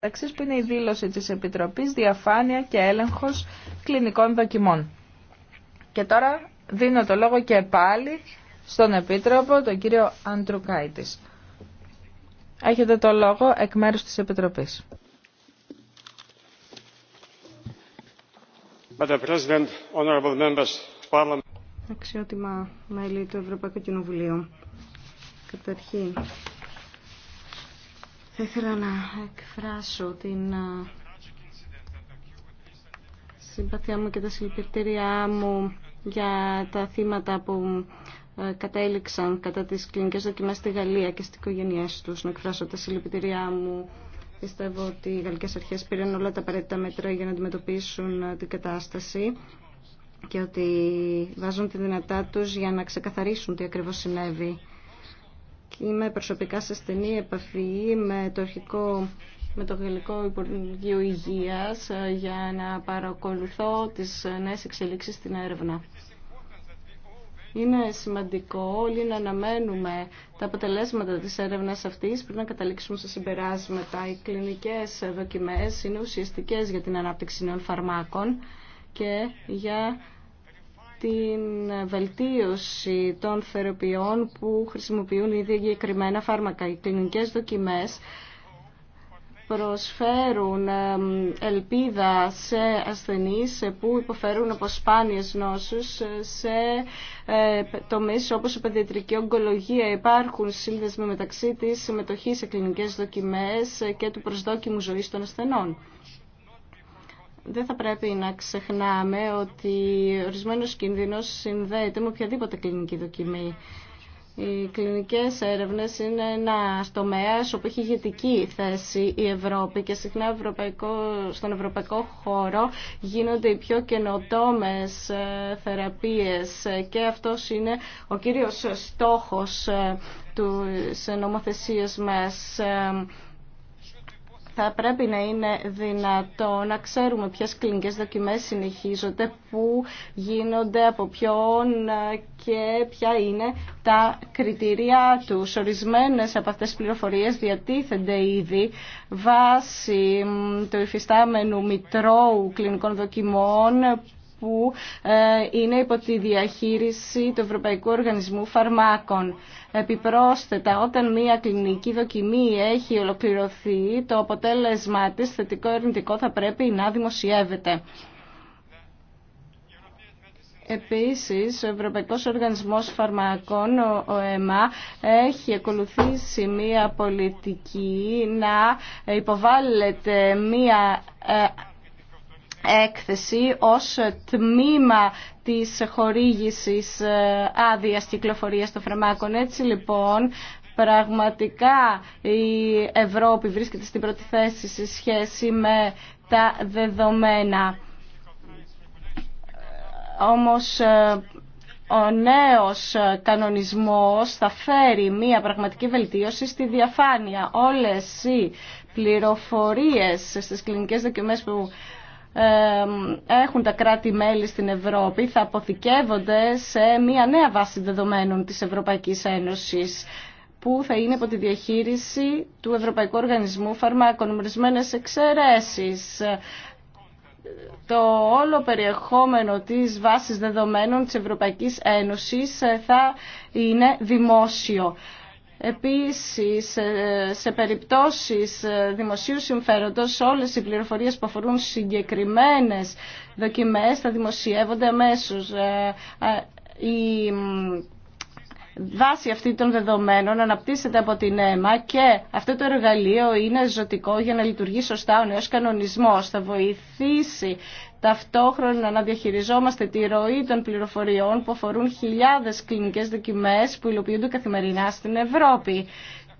μεταξύ που είναι η δήλωση τη Επιτροπή, Διαφάνεια και έλεγχο Κλινικών Δοκιμών. Και τώρα δίνω το λόγο και πάλι στον Επίτροπο, τον κύριο Αντρουκάητη. Έχετε το λόγο εκ μέρου τη Επιτροπή. Αξιότιμα μέλη του Ευρωπαϊκού Κοινοβουλίου. Καταρχήν, θα ήθελα να εκφράσω την ε, συμπαθιά μου και τα συλληπιτήριά μου για τα θύματα που ε, κατέληξαν κατά τις κλινικές δοκιμές στη Γαλλία και στις οικογένειές τους. Να εκφράσω τα συλληπιτήριά μου. Πιστεύω ότι οι γαλλικές αρχές πήραν όλα τα απαραίτητα μέτρα για να αντιμετωπίσουν ε, την κατάσταση και ότι βάζουν τη δυνατά τους για να ξεκαθαρίσουν τι ακριβώς συνέβη και είμαι προσωπικά σε στενή επαφή με το αρχικό με το Γαλλικό Υπουργείο Υγείας ε, για να παρακολουθώ τις νέες εξελίξεις στην έρευνα. Είναι σημαντικό όλοι να αναμένουμε τα αποτελέσματα της έρευνας αυτής πριν να καταλήξουμε σε συμπεράσματα. Οι κλινικές δοκιμές είναι ουσιαστικές για την ανάπτυξη νέων φαρμάκων και για την βελτίωση των θεραπείων που χρησιμοποιούν ήδη εγκεκριμένα φάρμακα. Οι κλινικές δοκιμές προσφέρουν ελπίδα σε ασθενείς που υποφέρουν από σπάνιες νόσους ε, σε ε, τομείς όπως η παιδιατρική ογκολογία. Υπάρχουν σύνδεσμοι μεταξύ της συμμετοχής σε κλινικές δοκιμές ε, και του προσδόκιμου ζωής των ασθενών δεν θα πρέπει να ξεχνάμε ότι ορισμένο κίνδυνος συνδέεται με οποιαδήποτε κλινική δοκιμή. Οι κλινικές έρευνες είναι ένα τομέα όπου έχει ηγετική θέση η Ευρώπη και συχνά ευρωπαϊκό, στον ευρωπαϊκό χώρο γίνονται οι πιο καινοτόμε ε, θεραπείες και αυτό είναι ο κύριο στόχος ε, του νομοθεσία μας. Ε, θα πρέπει να είναι δυνατό να ξέρουμε ποιες κλινικές δοκιμές συνεχίζονται, πού γίνονται, από ποιον και ποια είναι τα κριτήρια του. Ορισμένες από αυτές τις πληροφορίες διατίθενται ήδη βάσει του υφιστάμενου μητρώου κλινικών δοκιμών που ε, είναι υπό τη διαχείριση του Ευρωπαϊκού Οργανισμού Φαρμάκων. Επιπρόσθετα, όταν μία κλινική δοκιμή έχει ολοκληρωθεί, το αποτέλεσμα της θετικό ερνητικό θα πρέπει να δημοσιεύεται. Επίσης, ο Ευρωπαϊκός Οργανισμός Φαρμακών, ο ΕΜΑ, έχει ακολουθήσει μία πολιτική να υποβάλλεται μία ε, έκθεση ως τμήμα της χορήγησης ε, άδειας κυκλοφορίας των φαρμάκων. Έτσι λοιπόν πραγματικά η Ευρώπη βρίσκεται στην πρώτη θέση σε σχέση με τα δεδομένα. Όμως ε, ο νέος κανονισμός θα φέρει μία πραγματική βελτίωση στη διαφάνεια. Όλες οι πληροφορίες στις κλινικές δοκιμές που έχουν τα κράτη-μέλη στην Ευρώπη θα αποθηκεύονται σε μια νέα βάση δεδομένων της Ευρωπαϊκής Ένωσης που θα είναι από τη διαχείριση του Ευρωπαϊκού Οργανισμού Φαρμάκων, ορισμένες εξαιρέσεις, το όλο περιεχόμενο της βάσης δεδομένων της Ευρωπαϊκής Ένωσης θα είναι δημόσιο. Επίσης, ε, σε περιπτώσεις ε, δημοσίου συμφέροντος, όλες οι πληροφορίες που αφορούν συγκεκριμένες δοκιμές θα δημοσιεύονται αμέσως. Ε, η Βάσει αυτή των δεδομένων αναπτύσσεται από την ΕΜΑ και αυτό το εργαλείο είναι ζωτικό για να λειτουργεί σωστά ο νέος κανονισμός. Θα βοηθήσει ταυτόχρονα να διαχειριζόμαστε τη ροή των πληροφοριών που αφορούν χιλιάδες κλινικές δοκιμές που υλοποιούνται καθημερινά στην Ευρώπη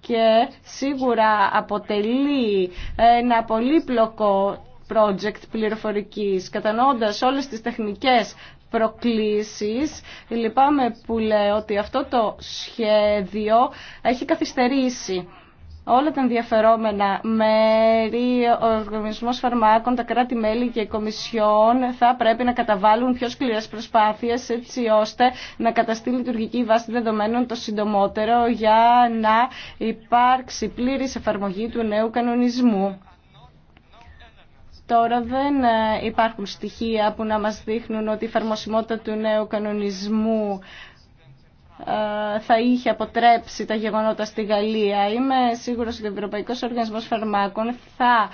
και σίγουρα αποτελεί ένα πολύπλοκο project πληροφορικής, κατανοώντας όλες τις τεχνικές προκλήσεις. Λυπάμαι που λέω ότι αυτό το σχέδιο έχει καθυστερήσει όλα τα ενδιαφερόμενα μέρη, ο Οργανισμό Φαρμάκων, τα κράτη-μέλη και η Κομισιόν θα πρέπει να καταβάλουν πιο σκληρέ προσπάθειε έτσι ώστε να καταστεί λειτουργική βάση δεδομένων το συντομότερο για να υπάρξει πλήρη εφαρμογή του νέου κανονισμού. Τώρα δεν ε, υπάρχουν στοιχεία που να μας δείχνουν ότι η εφαρμοσιμότητα του νέου κανονισμού ε, θα είχε αποτρέψει τα γεγονότα στη Γαλλία. Είμαι σίγουρος ότι ο Ευρωπαϊκός Οργανισμός Φαρμάκων θα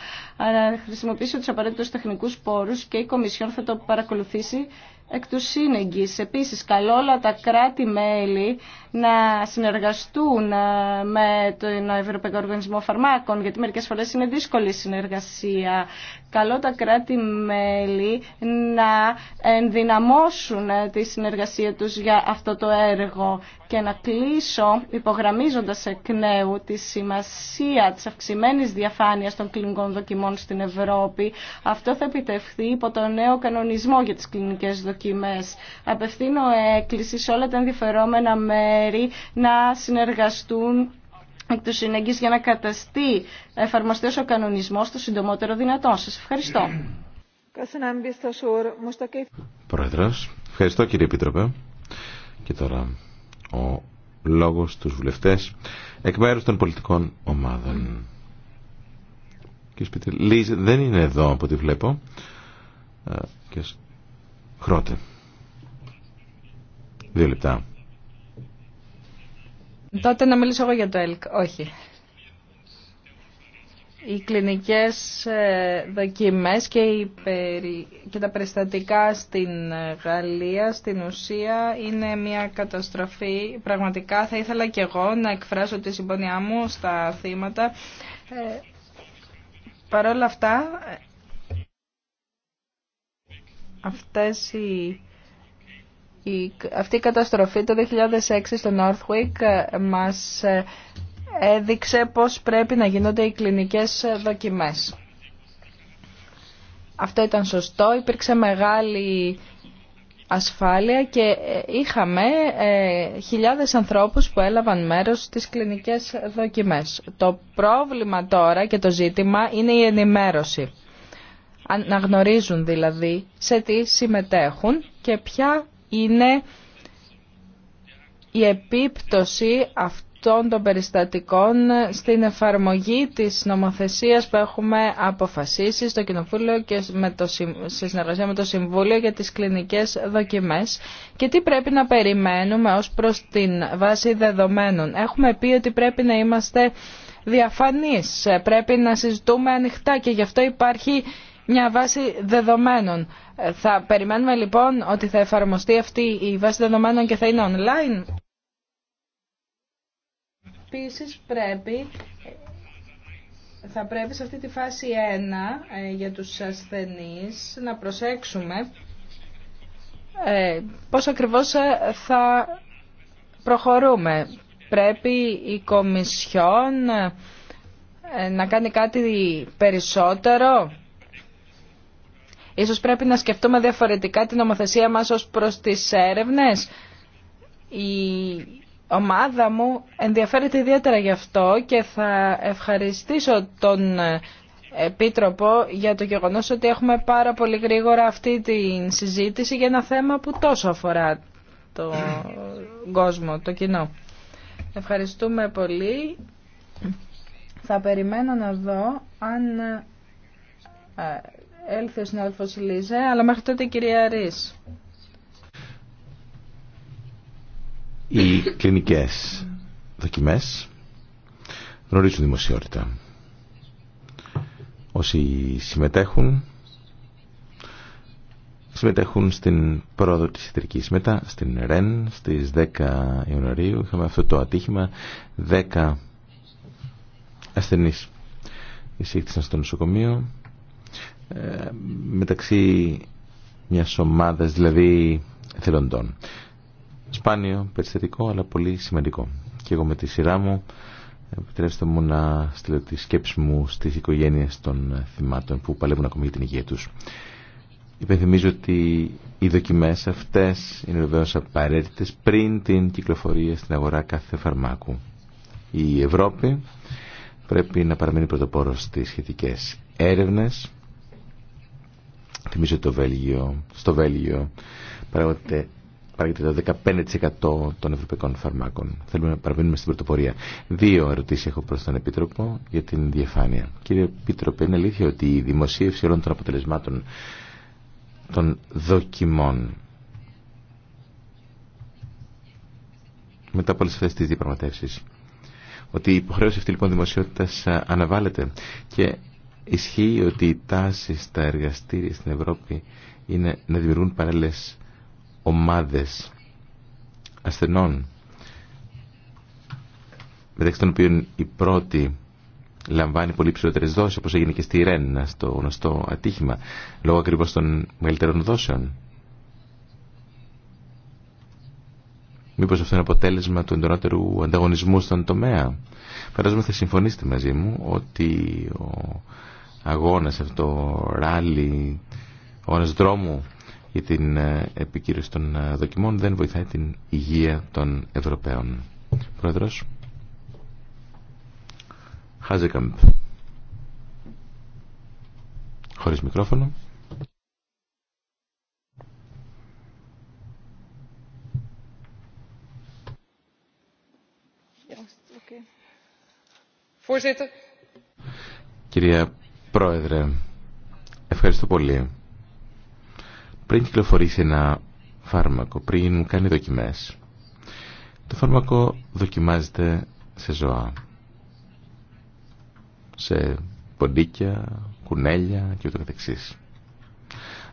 χρησιμοποιήσει του απαραίτητους τεχνικούς πόρους και η Κομισιόν θα το παρακολουθήσει εκ του σύνεγγυ. Επίσης, καλό όλα τα κράτη-μέλη να συνεργαστούν ε, με τον Ευρωπαϊκό Οργανισμό Φαρμάκων, γιατί μερικές φορέ είναι δύσκολη η συνεργασία. Καλό τα κράτη-μέλη να ενδυναμώσουν ε, τη συνεργασία τους για αυτό το έργο και να κλείσω υπογραμμίζοντας εκ νέου τη σημασία τη αυξημένη διαφάνεια των κλινικών δοκιμών δοκιμών στην Ευρώπη. Αυτό θα επιτευχθεί υπό το νέο κανονισμό για τις κλινικές δοκιμές. Απευθύνω έκκληση σε όλα τα ενδιαφερόμενα μέρη να συνεργαστούν εκ του συνεγγύς για να καταστεί εφαρμοστές ο κανονισμός το συντομότερο δυνατόν. Σας ευχαριστώ. Πρόεδρος, ευχαριστώ κύριε Επίτροπε. Και τώρα ο λόγος στους βουλευτές εκ μέρους των πολιτικών ομάδων. Και Λίζ δεν είναι εδώ από ό,τι βλέπω. Ε, και χρότε. Δύο λεπτά. Τότε να μιλήσω εγώ για το ΕΛΚ. Όχι. Οι κλινικές ε, δοκιμές και, και τα περιστατικά στην ε, Γαλλία, στην ουσία, είναι μια καταστροφή. Πραγματικά θα ήθελα και εγώ να εκφράσω τη συμπονιά μου στα θύματα. Παρ' όλα αυτά, αυτές αυτή η καταστροφή το 2006 στο Northwick μας έδειξε πώς πρέπει να γίνονται οι κλινικές δοκιμές. Αυτό ήταν σωστό. Υπήρξε μεγάλη ασφάλεια και ε, είχαμε ε, χιλιάδες ανθρώπους που έλαβαν μέρος στις κλινικές δοκιμές. Το πρόβλημα τώρα και το ζήτημα είναι η ενημέρωση. Να γνωρίζουν δηλαδή σε τι συμμετέχουν και ποια είναι η επίπτωση αυτή αυτών των περιστατικών στην εφαρμογή της νομοθεσίας που έχουμε αποφασίσει στο Κοινοβούλιο και με το, σε συνεργασία με το Συμβούλιο για τις κλινικές δοκιμές και τι πρέπει να περιμένουμε ως προς την βάση δεδομένων. Έχουμε πει ότι πρέπει να είμαστε διαφανείς, πρέπει να συζητούμε ανοιχτά και γι' αυτό υπάρχει μια βάση δεδομένων. Ε, θα περιμένουμε λοιπόν ότι θα εφαρμοστεί αυτή η βάση δεδομένων και θα είναι online. Επίσης πρέπει, θα πρέπει σε αυτή τη φάση 1 ε, για τους ασθενείς να προσέξουμε ε, πώς ακριβώς ε, θα προχωρούμε. Πρέπει η Κομισιόν να κάνει κάτι περισσότερο. Ίσως πρέπει να σκεφτούμε διαφορετικά την νομοθεσία μας ως προς τις έρευνες. Η ομάδα μου ενδιαφέρεται ιδιαίτερα γι' αυτό και θα ευχαριστήσω τον ε, Επίτροπο για το γεγονός ότι έχουμε πάρα πολύ γρήγορα αυτή τη συζήτηση για ένα θέμα που τόσο αφορά τον κόσμο, το κοινό. Ευχαριστούμε πολύ. Θα περιμένω να δω αν ε, ε, έλθει ο συνάδελφος Λίζε, αλλά μέχρι τότε η κυρία Ρης. κλινικές δοκιμές γνωρίζουν δημοσιότητα. Όσοι συμμετέχουν συμμετέχουν στην πρόοδο της ιατρικής. Μετά στην ΡΕΝ στις 10 Ιανουαρίου είχαμε αυτό το ατύχημα 10 ασθενείς εισήχθησαν στο νοσοκομείο ε, μεταξύ μιας ομάδας δηλαδή θελοντών σπάνιο περιστατικό αλλά πολύ σημαντικό. Και εγώ με τη σειρά μου επιτρέψτε μου να στείλω τη σκέψη μου στις οικογένειες των θυμάτων που παλεύουν ακόμη για την υγεία τους. Υπενθυμίζω ότι οι δοκιμές αυτές είναι βεβαίως απαραίτητες πριν την κυκλοφορία στην αγορά κάθε φαρμάκου. Η Ευρώπη πρέπει να παραμείνει πρωτοπόρο στις σχετικές έρευνες. Θυμίζω το Βέλγιο, στο Βέλγιο παράγονται παράγεται το 15% των ευρωπαϊκών φαρμάκων. Θέλουμε να παραμείνουμε στην πρωτοπορία. Δύο ερωτήσεις έχω προς τον Επίτροπο για την διαφάνεια. Κύριε Επίτροπε, είναι αλήθεια ότι η δημοσίευση όλων των αποτελεσμάτων των δοκιμών μετά από όλες αυτές τις διαπραγματεύσει. ότι η υποχρέωση αυτή λοιπόν δημοσιότητα αναβάλλεται και ισχύει ότι οι τάσει στα εργαστήρια στην Ευρώπη είναι να δημιουργούν παρέλες ομάδες ασθενών μεταξύ των οποίων η πρώτη λαμβάνει πολύ ψηλότερες δόσεις όπως έγινε και στη Ρέννα στο γνωστό ατύχημα λόγω ακριβώς των μεγαλύτερων δόσεων. Μήπως αυτό είναι αποτέλεσμα του εντονότερου ανταγωνισμού στον τομέα. Φαντάζομαι θα συμφωνήσετε μαζί μου ότι ο αγώνας αυτό, ο ράλι, ο αγώνας δρόμου η την ε, επικύρωση των ε, δοκιμών δεν βοηθάει την υγεία των Ευρωπαίων. Πρόεδρος Χάζεκαμπ χωρίς μικρόφωνο Κυρία Πρόεδρε, ευχαριστώ πολύ πριν κυκλοφορήσει ένα φάρμακο, πριν κάνει δοκιμές, το φάρμακο δοκιμάζεται σε ζώα. Σε ποντίκια, κουνέλια και ούτω καθεξής.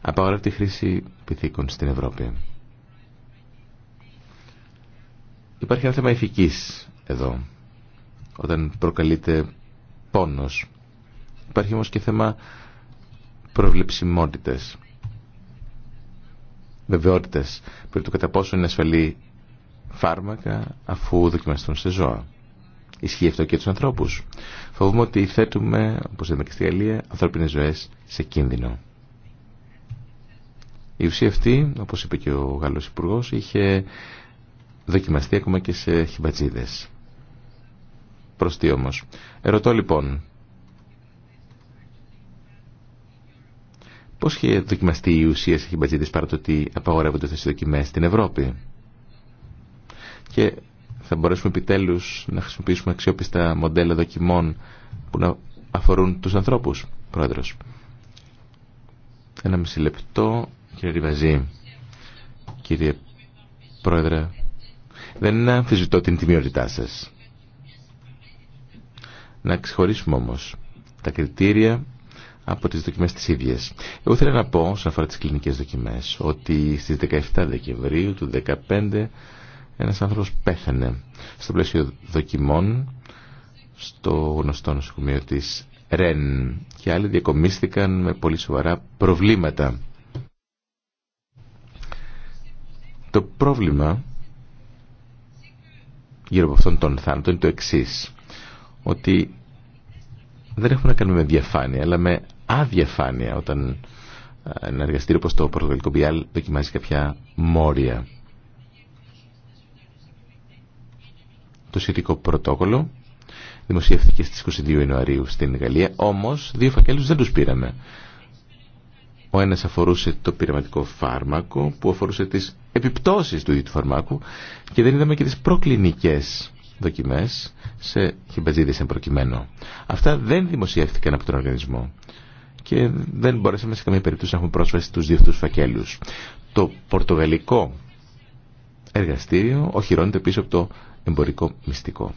Απαγορεύεται η χρήση πυθίκων στην Ευρώπη. Υπάρχει ένα θέμα ηθικής εδώ, όταν προκαλείται πόνος. Υπάρχει όμως και θέμα προβλεψιμότητες βεβαιότητε περί του κατά πόσο είναι ασφαλή φάρμακα αφού δοκιμαστούν σε ζώα. Ισχύει αυτό και του ανθρώπου. Φοβούμαι ότι θέτουμε, όπω είδαμε και στη Γαλλία, ανθρώπινε ζωέ σε κίνδυνο. Η ουσία αυτή, όπως είπε και ο Γάλλος υπουργό, είχε δοκιμαστεί ακόμα και σε χιμπατζίδες. τι όμω. Ερωτώ λοιπόν, Πώ είχε δοκιμαστεί η ουσία σε χιμπατζίδε παρά το ότι απαγορεύονται αυτέ οι δοκιμέ στην Ευρώπη. Και θα μπορέσουμε επιτέλου να χρησιμοποιήσουμε αξιόπιστα μοντέλα δοκιμών που να αφορούν του ανθρώπου, Πρόεδρο. Ένα μισή λεπτό, κύριε Ριβαζή. Κύριε Πρόεδρε, δεν αμφισβητώ την τιμιότητά σα. Να ξεχωρίσουμε όμω τα κριτήρια από τις δοκιμές τις ίδιες. Εγώ θέλω να πω, σαν αφορά τις κλινικές δοκιμές, ότι στις 17 Δεκεμβρίου του 2015 ένας άνθρωπος πέθανε στο πλαίσιο δοκιμών στο γνωστό νοσοκομείο της ΡΕΝ και άλλοι διακομίστηκαν με πολύ σοβαρά προβλήματα. Το πρόβλημα γύρω από αυτόν τον θάνατο είναι το εξής ότι δεν έχουμε να κάνουμε με διαφάνεια, αλλά με αδιαφάνεια όταν ένα εργαστήριο όπως το πορτογαλικό Μπιάλ δοκιμάζει κάποια μόρια. Το σχετικό πρωτόκολλο δημοσιεύθηκε στις 22 Ιανουαρίου στην Γαλλία, όμως δύο φακέλους δεν τους πήραμε. Ο ένας αφορούσε το πειραματικό φάρμακο που αφορούσε τις επιπτώσεις του ίδιου του φαρμάκου και δεν είδαμε και τις προκλινικές δοκιμές σε χιμπαζίδες εν προκειμένου. Αυτά δεν δημοσιεύθηκαν από τον οργανισμό και δεν μπορέσαμε σε καμία περίπτωση να έχουμε πρόσβαση στους δύο φακέλους. Το πορτογαλικό εργαστήριο οχυρώνεται πίσω από το εμπορικό μυστικό.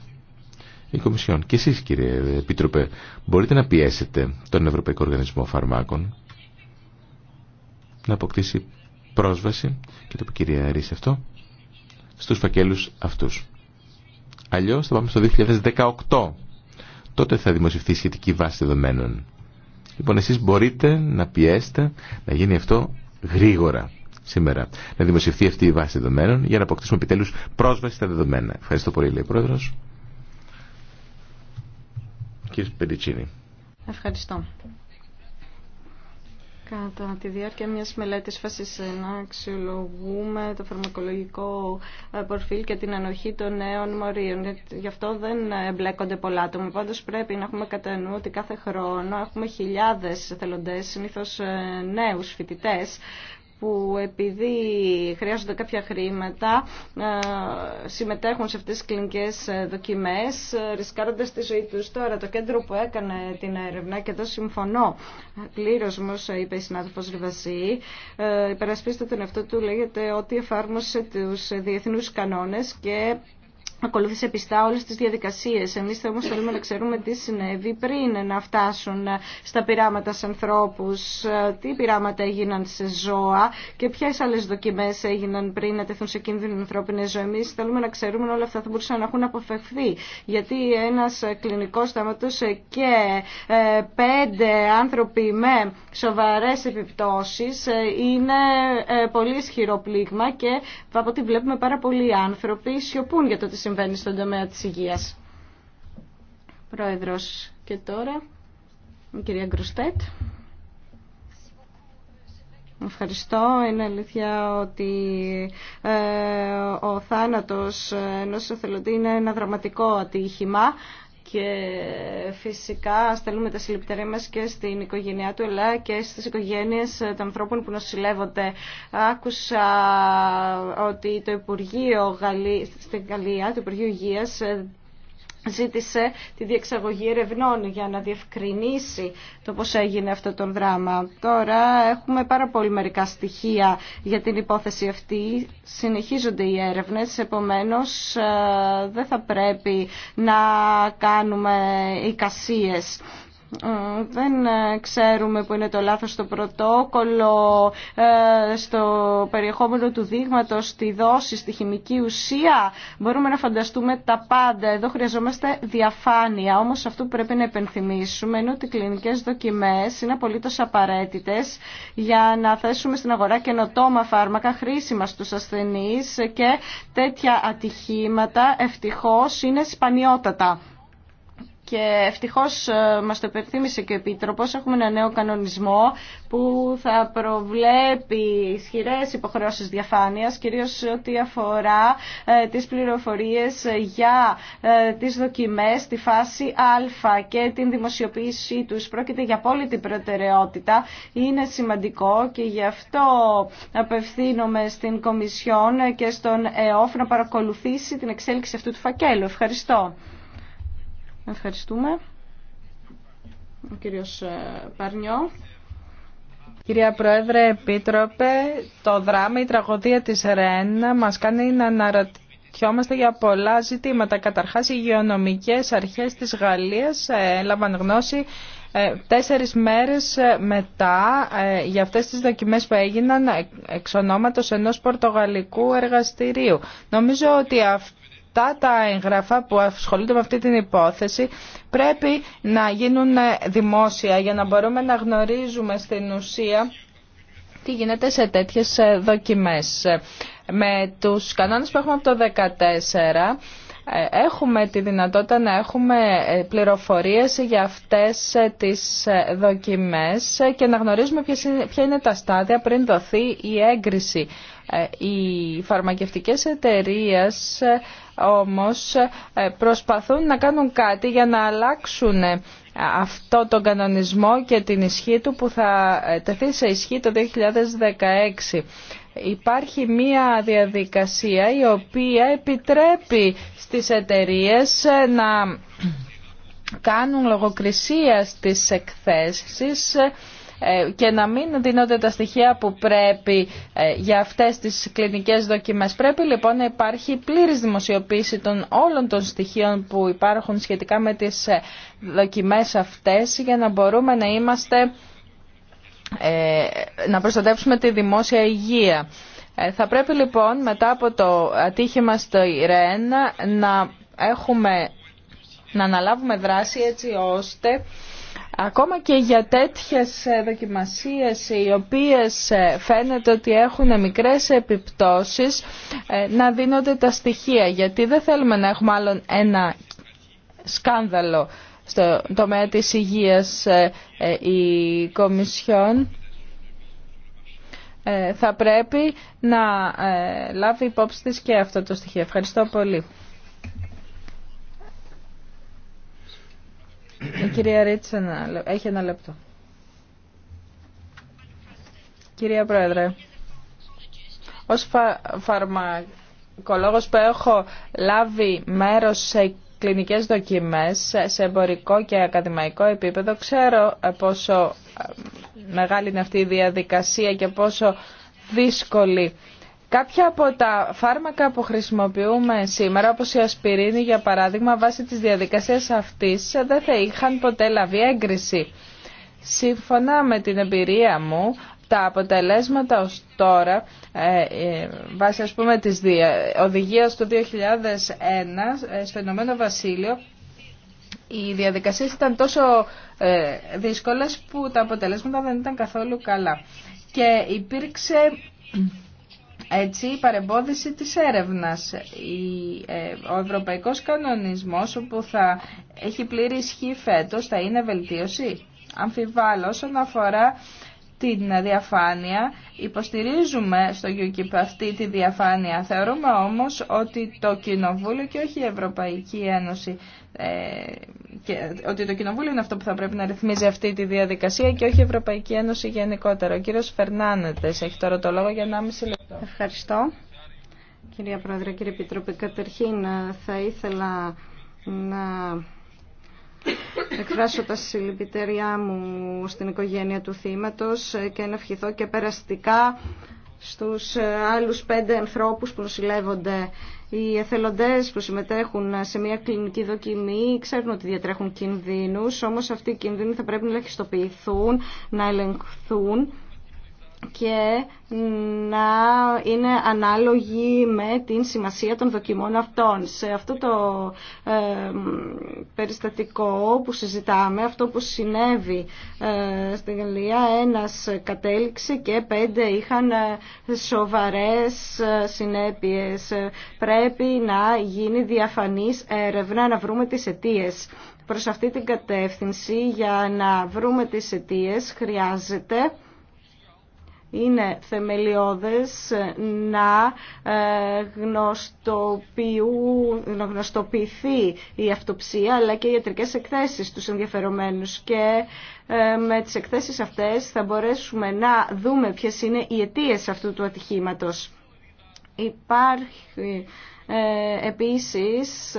Η Κομισιόν και εσείς κύριε Επίτροπε μπορείτε να πιέσετε τον Ευρωπαϊκό Οργανισμό Φαρμάκων να αποκτήσει πρόσβαση, και το που κυρία αυτό, στους φακέλους αυτούς. Αλλιώς θα πάμε στο 2018. Τότε θα δημοσιευθεί η σχετική βάση δεδομένων. Λοιπόν, εσείς μπορείτε να πιέσετε να γίνει αυτό γρήγορα σήμερα. Να δημοσιευθεί αυτή η βάση δεδομένων για να αποκτήσουμε επιτέλους πρόσβαση στα δεδομένα. Ευχαριστώ πολύ, λέει ο Πρόεδρος. Κύριε Πεντητσίνη. Ευχαριστώ. Κατά τη διάρκεια μιας μελέτης φάσης 1 αξιολογούμε το φαρμακολογικό ε, προφίλ και την ανοχή των νέων μορίων. Γι' αυτό δεν εμπλέκονται πολλά άτομα. Πάντως πρέπει να έχουμε κατά νου ότι κάθε χρόνο έχουμε χιλιάδες θελοντές, συνήθως ε, νέους φοιτητές, που επειδή χρειάζονται κάποια χρήματα ε, συμμετέχουν σε αυτές τις κλινικές ε, δοκιμές ε, ρισκάροντας τη ζωή τους. Τώρα το κέντρο που έκανε την έρευνα και εδώ συμφωνώ πλήρως όμως είπε η συνάδελφος υπερασπίστε τον εαυτό του λέγεται ότι εφάρμοσε τους διεθνούς κανόνες και ακολούθησε πιστά όλε τι διαδικασίε. Εμεί όμω θέλουμε να ξέρουμε τι συνέβη πριν να φτάσουν στα πειράματα σε ανθρώπου, τι πειράματα έγιναν σε ζώα και ποιε άλλε δοκιμέ έγιναν πριν να τεθούν σε κίνδυνο ανθρώπινε ζωέ. Εμεί θέλουμε να ξέρουμε όλα αυτά θα μπορούσαν να έχουν αποφευθεί. Γιατί ένα κλινικό θάνατο και ε, πέντε άνθρωποι με σοβαρέ επιπτώσει ε, είναι ε, πολύ ισχυρό πλήγμα και από ό,τι βλέπουμε πάρα πολλοί άνθρωποι σιωπούν για το τι συμβαίνει στον τομέα της υγείας. Πρόεδρος και τώρα, η κυρία Γκρουστέτ. Ευχαριστώ. Είναι αλήθεια ότι ε, ο θάνατος ενός εθελοντή είναι ένα δραματικό ατύχημα και φυσικά στέλνουμε τα συλληπιτήριά μας και στην οικογένειά του αλλά και στις οικογένειες των ανθρώπων που νοσηλεύονται. Άκουσα ότι το Υπουργείο Γαλλία, στην Γαλλία, το Υπουργείο Υγείας ζήτησε τη διεξαγωγή ερευνών για να διευκρινίσει το πώς έγινε αυτό το δράμα. Τώρα έχουμε πάρα πολύ μερικά στοιχεία για την υπόθεση αυτή. Συνεχίζονται οι έρευνες, επομένως ε, δεν θα πρέπει να κάνουμε εικασίες. Ε, δεν ε, ξέρουμε που είναι το λάθος στο πρωτόκολλο, ε, στο περιεχόμενο του δείγματος, στη δόση, στη χημική ουσία. Μπορούμε να φανταστούμε τα πάντα. Εδώ χρειαζόμαστε διαφάνεια. Όμως αυτό που πρέπει να επενθυμίσουμε είναι ότι οι κλινικές δοκιμές είναι απολύτως απαραίτητες για να θέσουμε στην αγορά καινοτόμα φάρμακα χρήσιμα στους ασθενείς και τέτοια ατυχήματα ευτυχώς είναι σπανιότατα και ευτυχώς ε, μας το υπενθύμησε και ο Επίτροπος, έχουμε ένα νέο κανονισμό που θα προβλέπει ισχυρές υποχρεώσεις διαφάνειας, κυρίως ό,τι αφορά ε, τις πληροφορίες για ε, τις δοκιμές στη φάση Α και την δημοσιοποίησή τους. Πρόκειται για απόλυτη προτεραιότητα, είναι σημαντικό και γι' αυτό απευθύνομαι στην Κομισιόν και στον ΕΟΦ να παρακολουθήσει την εξέλιξη αυτού του φακέλου. Ευχαριστώ. Ευχαριστούμε. Ο κύριος ε, Παρνιό. Κυρία Πρόεδρε, Επίτροπε, το δράμα, η τραγωδία της ΡΕΝ μας κάνει να αναρωτιόμαστε για πολλά ζητήματα. Καταρχάς, οι υγειονομικές αρχές της Γαλλίας ε, έλαβαν γνώση ε, τέσσερις μέρες μετά για αυτές τις δοκιμές που έγιναν εξ ονόματος ενός πορτογαλικού εργαστηρίου. Νομίζω ότι αυτό αυτά τα εγγραφά που ασχολούνται με αυτή την υπόθεση πρέπει να γίνουν δημόσια για να μπορούμε να γνωρίζουμε στην ουσία τι γίνεται σε τέτοιες δοκιμές. Με τους κανόνες που έχουμε από το 2014 ε, έχουμε τη δυνατότητα να έχουμε ε, πληροφορίες για αυτές ε, τις δοκιμές και να γνωρίζουμε ποια είναι τα στάδια πριν δοθεί η έγκριση. Οι φαρμακευτικές εταιρείες όμως προσπαθούν να κάνουν κάτι για να αλλάξουν αυτό τον κανονισμό και την ισχύ του που θα τεθεί σε ισχύ το 2016. Υπάρχει μία διαδικασία η οποία επιτρέπει στις εταιρείες ε, να κάνουν λογοκρισία στις εκθέσεις ε, και να μην δίνονται τα στοιχεία που πρέπει ε, για αυτές τις κλινικές δοκιμές. Πρέπει λοιπόν να υπάρχει πλήρης δημοσιοποίηση των όλων των στοιχείων που υπάρχουν σχετικά με τις δοκιμές αυτές για να μπορούμε να είμαστε ε, να προστατεύσουμε τη δημόσια υγεία. Ε, θα πρέπει λοιπόν μετά από το ατύχημα στο ΙΡΕΝ να, έχουμε, να αναλάβουμε δράση έτσι ώστε ακόμα και για τέτοιες ε, δοκιμασίες οι οποίες φαίνεται ότι έχουν μικρές επιπτώσεις να δίνονται τα στοιχεία γιατί δεν θέλουμε να έχουμε άλλον ένα σκάνδαλο στο τομέα της υγείας ε, ε, η Κομισιόν ε, θα πρέπει να λάβει υπόψη της και αυτό το στοιχείο. Ευχαριστώ πολύ. Η κυρία Ρίτσα, έχει ένα λεπτό. Κυρία Πρόεδρε, ως φα... φαρμακολόγος που έχω λάβει μέρος σε κλινικές δοκιμές σε εμπορικό και ακαδημαϊκό επίπεδο. Ξέρω ε, πόσο ε, μεγάλη είναι αυτή η διαδικασία και πόσο δύσκολη. Κάποια από τα φάρμακα που χρησιμοποιούμε σήμερα, όπως η ασπιρίνη για παράδειγμα, βάσει της διαδικασίας αυτής ε, δεν θα είχαν ποτέ λαβεί έγκριση. Σύμφωνα με την εμπειρία μου, τα αποτελέσματα ως τώρα, ε, ε, βάσει ας πούμε της ε, οδηγίας του 2001, στο Ηνωμένο Βασίλειο, οι διαδικασίες ήταν τόσο δύσκολες που τα αποτελέσματα δεν ήταν καθόλου καλά. Και υπήρξε έτσι η παρεμπόδιση της έρευνας. Ο ευρωπαϊκός κανονισμός που θα έχει πλήρη ισχύ φέτος θα είναι βελτίωση. Αμφιβάλλω όσον αφορά την αδιαφάνεια, Υποστηρίζουμε στο UKIP αυτή τη διαφάνεια. Θεωρούμε όμως ότι το Κοινοβούλιο και όχι η Ευρωπαϊκή Ένωση ε, ότι το Κοινοβούλιο είναι αυτό που θα πρέπει να ρυθμίζει αυτή τη διαδικασία και όχι η Ευρωπαϊκή Ένωση γενικότερα. Ο κύριος Φερνάνετες έχει τώρα το λόγο για 1,5 λεπτό. Ευχαριστώ. Κυρία Πρόεδρε, κύριε Επιτροπή, Κατερχήν ε, θα ήθελα να εκφράσω τα συλληπιτεριά μου στην οικογένεια του θύματος και να ευχηθώ και περαστικά στους άλλους πέντε ανθρώπους που νοσηλεύονται. Οι εθελοντές που συμμετέχουν σε μια κλινική δοκιμή ξέρουν ότι διατρέχουν κινδύνους, όμως αυτοί οι κινδύνοι θα πρέπει να ελεγχιστοποιηθούν, να ελεγχθούν και να είναι ανάλογη με την σημασία των δοκιμών αυτών. Σε αυτό το περιστατικό που συζητάμε, αυτό που συνέβη ε, στην Γαλλία, ένας κατέληξε και πέντε είχαν ε, σοβαρές ε, συνέπειες. Πρέπει να γίνει διαφανής έρευνα, να βρούμε τις αιτίες. Προς αυτή την κατεύθυνση, για να βρούμε τις αιτίες, χρειάζεται είναι θεμελιώδες ε, να γνωστοποιηθεί η αυτοψία αλλά και οι ιατρικές εκθέσεις τους ενδιαφερομένους και ε, με τις εκθέσεις αυτές θα μπορέσουμε να δούμε ποιες είναι οι αιτίες αυτού του ατυχήματος. Υπάρχει ε, επίσης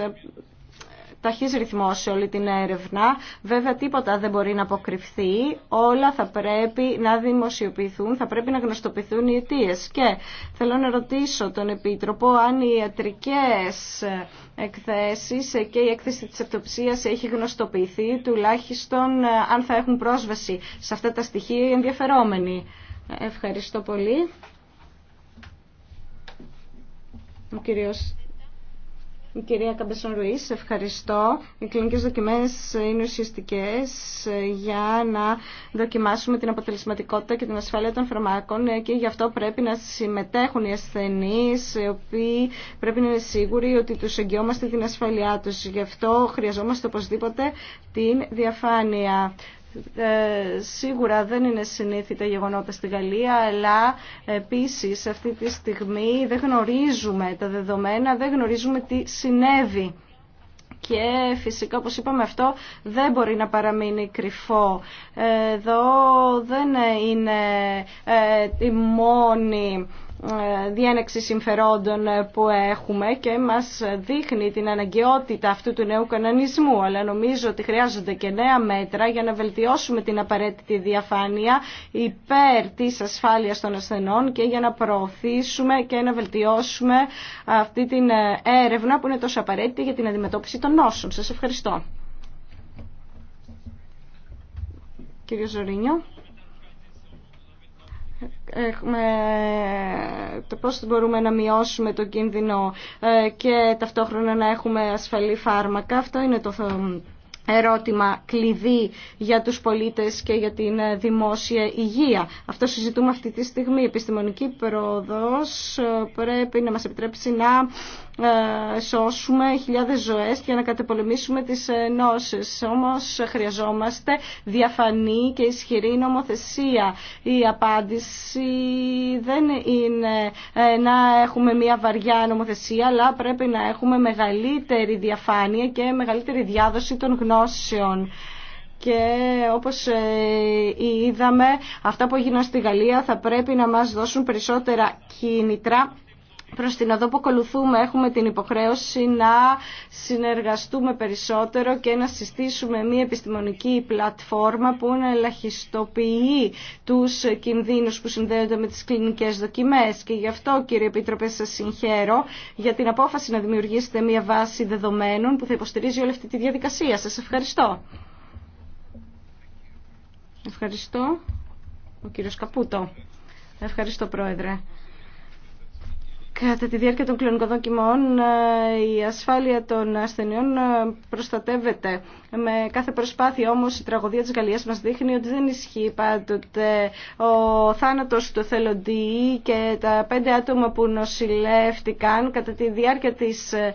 ταχύς ρυθμός σε όλη την έρευνα. Βέβαια τίποτα δεν μπορεί να αποκρυφθεί, όλα θα πρέπει να δημοσιοποιηθούν, θα πρέπει να γνωστοποιηθούν οι αιτίες. Και θέλω να ρωτήσω τον Επίτροπο αν οι ιατρικές εκθέσεις και η έκθεση της αυτοψίας έχει γνωστοποιηθεί, τουλάχιστον ε, αν θα έχουν πρόσβαση σε αυτά τα στοιχεία οι ενδιαφερόμενοι. Ευχαριστώ πολύ. κύριος η κυρία Καμπεσόν Ρουίς, ευχαριστώ. Οι κλινικές δοκιμές είναι ουσιαστικέ ε, για να δοκιμάσουμε την αποτελεσματικότητα και την ασφάλεια των φαρμάκων ε, και γι' αυτό πρέπει να συμμετέχουν οι ασθενείς, οι οποίοι πρέπει να είναι σίγουροι ότι τους εγγυόμαστε την ασφαλειά τους. Γι' αυτό χρειαζόμαστε οπωσδήποτε την διαφάνεια. Ε, σίγουρα δεν είναι συνήθι γεγονότα στη Γαλλία, αλλά επίσης αυτή τη στιγμή δεν γνωρίζουμε τα δεδομένα, δεν γνωρίζουμε τι συνέβη. Και φυσικά, όπως είπαμε αυτό, δεν μπορεί να παραμείνει κρυφό. Εδώ δεν είναι ε, η μόνη ε, διένεξη συμφερόντων που έχουμε και μας δείχνει την αναγκαιότητα αυτού του νέου κανονισμού. Αλλά νομίζω ότι χρειάζονται και νέα μέτρα για να βελτιώσουμε την απαραίτητη διαφάνεια υπέρ της ασφάλειας των ασθενών και για να προωθήσουμε και να βελτιώσουμε αυτή την έρευνα που είναι τόσο απαραίτητη για την αντιμετώπιση των νόσων. Σας ευχαριστώ. Κύριε Ζωρίνιο έχουμε, το πώς μπορούμε να μειώσουμε τον κίνδυνο ε, και ταυτόχρονα να έχουμε ασφαλή φάρμακα. Αυτό είναι το ε, ερώτημα κλειδί για τους πολίτες και για την ε, δημόσια υγεία. Αυτό συζητούμε αυτή τη στιγμή. Η επιστημονική πρόοδος πρέπει να μας επιτρέψει να ε, σώσουμε χιλιάδες ζωές και να κατεπολεμήσουμε τις ε, νόσες. Όμως ε, χρειαζόμαστε διαφανή και ισχυρή νομοθεσία. Η απάντηση δεν είναι να έχουμε μια βαριά νομοθεσία, αλλά πρέπει να έχουμε μεγαλύτερη διαφάνεια και μεγαλύτερη διάδοση των γνώσεων και όπως είδαμε αυτά που έγιναν στη Γαλλία θα πρέπει να μας δώσουν περισσότερα κίνητρα προς την οδό που ακολουθούμε έχουμε την υποχρέωση να συνεργαστούμε περισσότερο και να συστήσουμε μια επιστημονική πλατφόρμα που να ελαχιστοποιεί τους κινδύνους που συνδέονται με τις κλινικές δοκιμές. Και γι' αυτό κύριε Επίτροπε σας συγχαίρω για την απόφαση να δημιουργήσετε μια βάση δεδομένων που θα υποστηρίζει όλη αυτή τη διαδικασία. Σας ευχαριστώ. Ευχαριστώ. Ο κύριος Καπούτο. Ευχαριστώ πρόεδρε. Κατά τη διάρκεια των κλινικών ε, η ασφάλεια των ασθενειών ε, προστατεύεται με κάθε προσπάθεια όμως η τραγωδία της Γαλλίας μας δείχνει ότι δεν ισχύει πάντοτε ο θάνατος του θελοντή και τα πέντε άτομα που νοσηλεύτηκαν κατά τη διάρκεια της ε,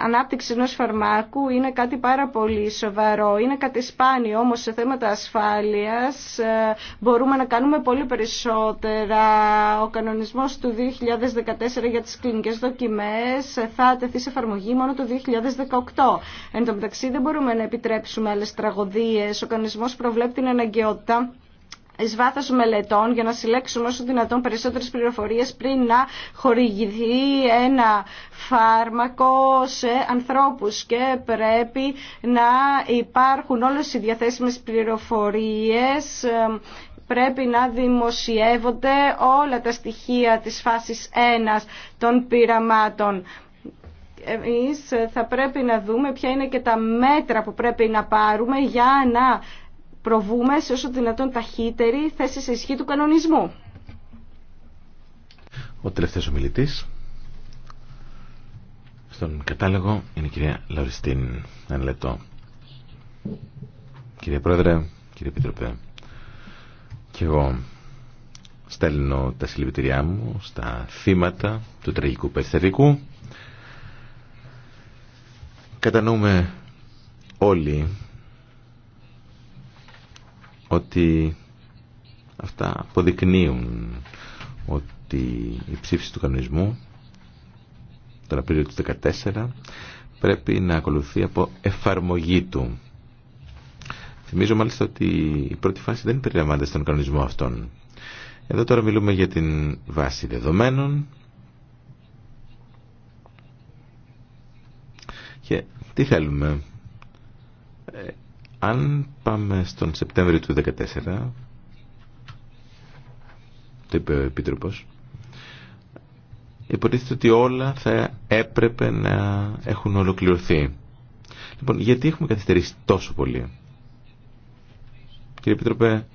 ανάπτυξη ενό φαρμάκου είναι κάτι πάρα πολύ σοβαρό. Είναι κάτι σπάνιο, όμως σε θέματα ασφάλειας ε, μπορούμε να κάνουμε πολύ περισσότερα. Ο κανονισμός του 2014 για τις κλινικές δοκιμές θα τεθεί σε εφαρμογή μόνο το 2018. Εν τω μεταξύ δεν μπορούμε να επιτρέψουμε άλλε τραγωδίες. Ο κανονισμός προβλέπει την αναγκαιότητα εις μελετών για να συλλέξουμε όσο δυνατόν περισσότερες πληροφορίες πριν να χορηγηθεί ένα φάρμακο σε ανθρώπους και πρέπει να υπάρχουν όλες οι διαθέσιμες πληροφορίες πρέπει να δημοσιεύονται όλα τα στοιχεία της φάσης 1 των πειραμάτων εμείς θα πρέπει να δούμε ποια είναι και τα μέτρα που πρέπει να πάρουμε για να προβούμε σε όσο δυνατόν ταχύτερη θέση σε ισχύ του κανονισμού. Ο τελευταίος ομιλητής στον κατάλογο είναι η κυρία Λαουριστίν. Ένα λεπτό. Κύριε Πρόεδρε, κύριε Επιτροπέ, και εγώ στέλνω τα συλληπιτήριά μου στα θύματα του τραγικού περιστατικού Κατανοούμε όλοι ότι αυτά αποδεικνύουν ότι η ψήφιση του κανονισμού τον Απρίλιο του 2014 πρέπει να ακολουθεί από εφαρμογή του. Θυμίζω μάλιστα ότι η πρώτη φάση δεν περιλαμβάνεται στον κανονισμό αυτόν. Εδώ τώρα μιλούμε για την βάση δεδομένων Και τι θέλουμε. Ε, αν πάμε στον Σεπτέμβριο του 2014, το είπε ο Επίτροπος, υποτίθεται ότι όλα θα έπρεπε να έχουν ολοκληρωθεί. Λοιπόν, γιατί έχουμε καθυστερήσει τόσο πολύ. Κύριε Επίτροπε,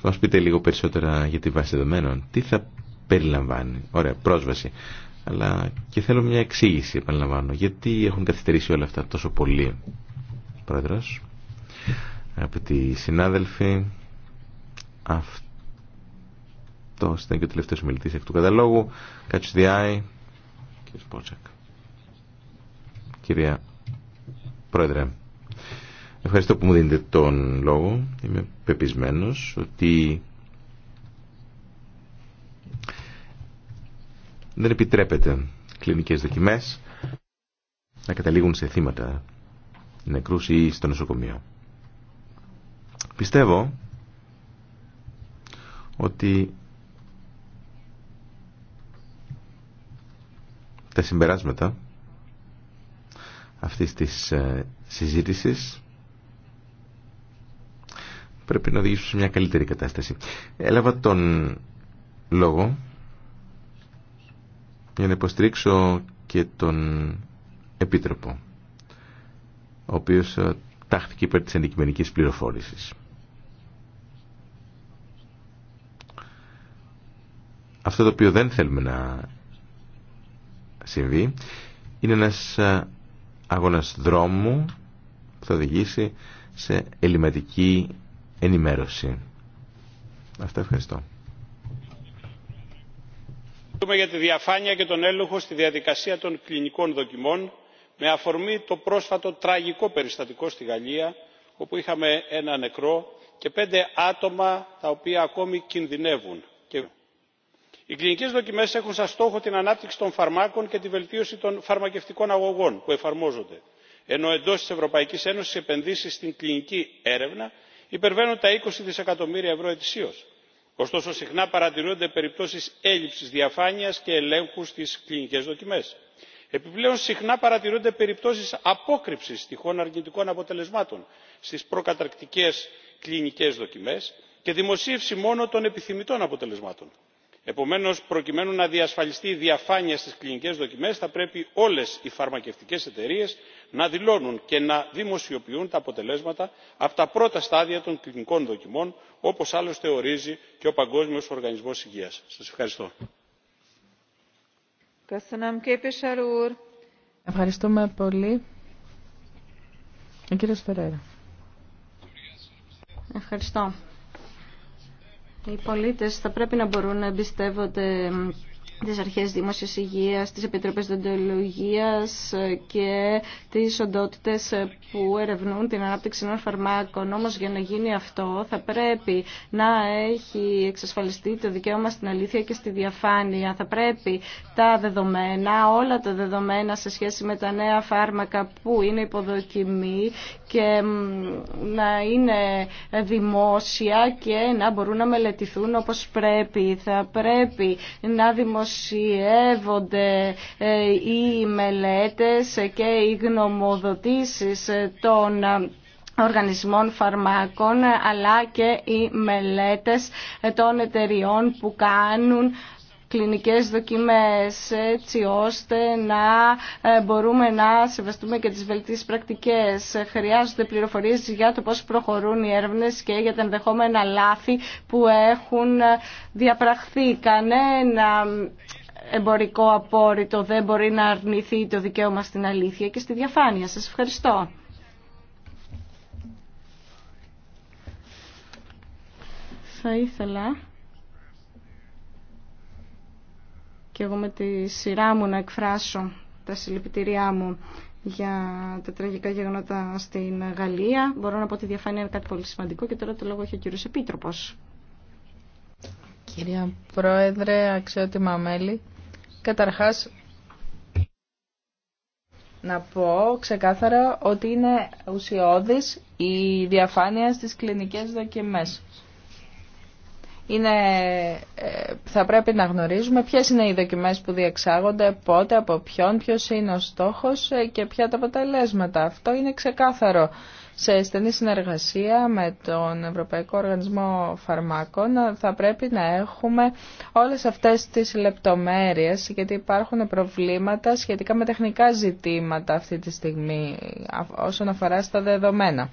θα μας πείτε λίγο περισσότερα για τη βάση δεδομένων. Τι θα περιλαμβάνει. Ωραία, πρόσβαση αλλά και θέλω μια εξήγηση, επαναλαμβάνω. Γιατί έχουν καθυστερήσει όλα αυτά τόσο πολύ, Πρόεδρος. Αγαπητοί συνάδελφοι, αυτό ήταν και ο τελευταίος μιλητής εκ του καταλόγου. Κάτσου διάει, κύριε Σπότσακ. Κυρία Πρόεδρε, ευχαριστώ που μου δίνετε τον λόγο. Είμαι πεπισμένος ότι δεν επιτρέπεται κλινικές δοκιμές να καταλήγουν σε θύματα νεκρούς ή στο νοσοκομείο. Πιστεύω ότι τα συμπεράσματα αυτής της ε, συζήτησης πρέπει να οδηγήσουν σε μια καλύτερη κατάσταση. Έλαβα τον λόγο για να υποστρίξω και τον Επίτροπο, ο οποίος ε, τάχθηκε υπέρ της αντικειμενικής πληροφόρησης. Αυτό το οποίο δεν θέλουμε να συμβεί είναι ένας ε, αγώνας δρόμου που θα οδηγήσει σε ελληματική ενημέρωση. Αυτά ευχαριστώ για τη διαφάνεια και τον έλεγχο στη διαδικασία των κλινικών δοκιμών με αφορμή το πρόσφατο τραγικό περιστατικό στη γαλλία όπου είχαμε ένα νεκρό και πέντε άτομα τα οποία ακόμη κινδυνεύουν. οι κλινικές δοκιμές έχουν σαν στόχο την ανάπτυξη των φαρμάκων και τη βελτίωση των φαρμακευτικών αγωγών που εφαρμόζονται ενώ εντός της ευρωπαϊκής ένωσης οι επενδύσεις στην κλινική έρευνα υπερβαίνουν τα είκοσι δισεκατομμύρια ευρώ ετησίως ωστόσο συχνά παρατηρούνται περιπτώσεις έλλειψης διαφάνειας και ελέγχου στις κλινικές δοκιμές. επιπλέον συχνά παρατηρούνται περιπτώσεις απόκρυψης τυχόν αρνητικών αποτελεσμάτων στις προκαταρκτικές κλινικές δοκιμές και δημοσίευση μόνο των επιθυμητών αποτελεσμάτων επομένως προκειμένου να διασφαλιστεί η διαφάνεια στις κλινικές δοκιμές θα πρέπει όλες οι φαρμακευτικές εταιρείες να δηλώνουν και να δημοσιοποιούν τα αποτελέσματα από τα πρώτα στάδια των κλινικών δοκιμών όπως άλλωστε ορίζει και ο παγκόσμιος οργανισμός υγείας. σας ευχαριστώ. Ευχαριστώ. Οι πολίτες θα πρέπει να μπορούν να εμπιστεύονται τις αρχές δημόσιας υγείας, τις επιτροπές δοντολογίας και τις οντότητες που ερευνούν την ανάπτυξη νέων φαρμάκων. Όμως για να γίνει αυτό θα πρέπει να έχει εξασφαλιστεί το δικαίωμα στην αλήθεια και στη διαφάνεια. Θα πρέπει τα δεδομένα, όλα τα δεδομένα σε σχέση με τα νέα φάρμακα που είναι υποδοκιμή και να είναι δημόσια και να μπορούν να μελετηθούν όπως πρέπει. Θα πρέπει να δημοσιοποιηθούν δημοσιεύονται ε, οι μελέτες και οι γνωμοδοτήσεις των οργανισμών φαρμάκων αλλά και οι μελέτες των εταιριών που κάνουν κλινικές δοκιμές έτσι ώστε να ε, μπορούμε να σεβαστούμε και τις βελτίες πρακτικές. Χρειάζονται πληροφορίες για το πώς προχωρούν οι έρευνες και για τα ενδεχόμενα λάθη που έχουν ε, διαπραχθεί. Κανένα εμπορικό απόρριτο δεν μπορεί να αρνηθεί το δικαίωμα στην αλήθεια και στη διαφάνεια. Σας ευχαριστώ. ήθελα και εγώ με τη σειρά μου να εκφράσω τα συλληπιτήριά μου για τα τραγικά γεγονότα στην Γαλλία. Μπορώ να πω ότι διαφάνεια είναι κάτι πολύ σημαντικό και τώρα το λόγο έχει ο κύριος Επίτροπος. Κυρία Πρόεδρε, αξιότιμα μέλη, καταρχάς να πω ξεκάθαρα ότι είναι ουσιώδης η διαφάνεια στις κλινικές δοκιμές είναι, ε, θα πρέπει να γνωρίζουμε ποιες είναι οι δοκιμές που διεξάγονται, πότε, από ποιον, ποιος είναι ο στόχος ε, και ποια τα αποτελέσματα. Αυτό είναι ξεκάθαρο. Σε στενή συνεργασία με τον Ευρωπαϊκό Οργανισμό Φαρμάκων θα πρέπει να έχουμε όλες αυτές τις λεπτομέρειες γιατί υπάρχουν προβλήματα σχετικά με τεχνικά ζητήματα αυτή τη στιγμή όσον αφορά στα δεδομένα.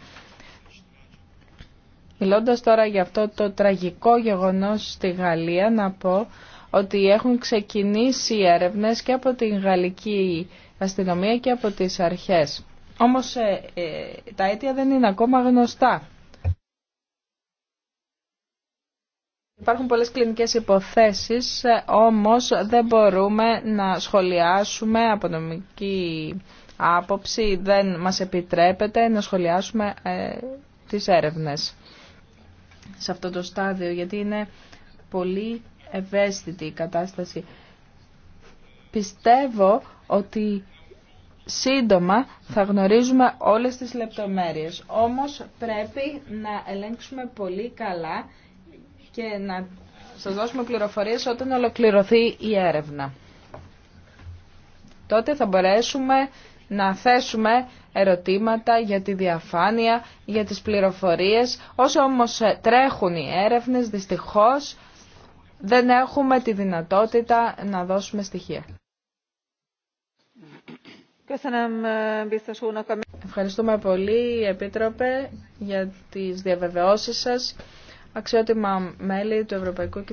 Μιλώντας τώρα για αυτό το τραγικό γεγονός στη Γαλλία, να πω ότι έχουν ξεκινήσει έρευνες και από την γαλλική αστυνομία και από τις αρχές. Όμως ε, ε, τα αίτια δεν είναι ακόμα γνωστά. Υπάρχουν πολλές κλινικές υποθέσεις, ε, όμως δεν μπορούμε να σχολιάσουμε από νομική άποψη, δεν μας επιτρέπεται να σχολιάσουμε ε, τις έρευνες σε αυτό το στάδιο, γιατί είναι πολύ ευαίσθητη η κατάσταση. Πιστεύω ότι σύντομα θα γνωρίζουμε όλες τις λεπτομέρειες. Όμως πρέπει να ελέγξουμε πολύ καλά και να σας δώσουμε πληροφορίες όταν ολοκληρωθεί η έρευνα. Τότε θα μπορέσουμε να θέσουμε ερωτήματα για τη διαφάνεια, για τις πληροφορίες. Όσο όμως τρέχουν οι έρευνες, δυστυχώς δεν έχουμε τη δυνατότητα να δώσουμε στοιχεία. Ευχαριστούμε πολύ, Επίτροπε, για τις διαβεβαιώσεις σας. Αξιότιμα μέλη του Ευρωπαϊκού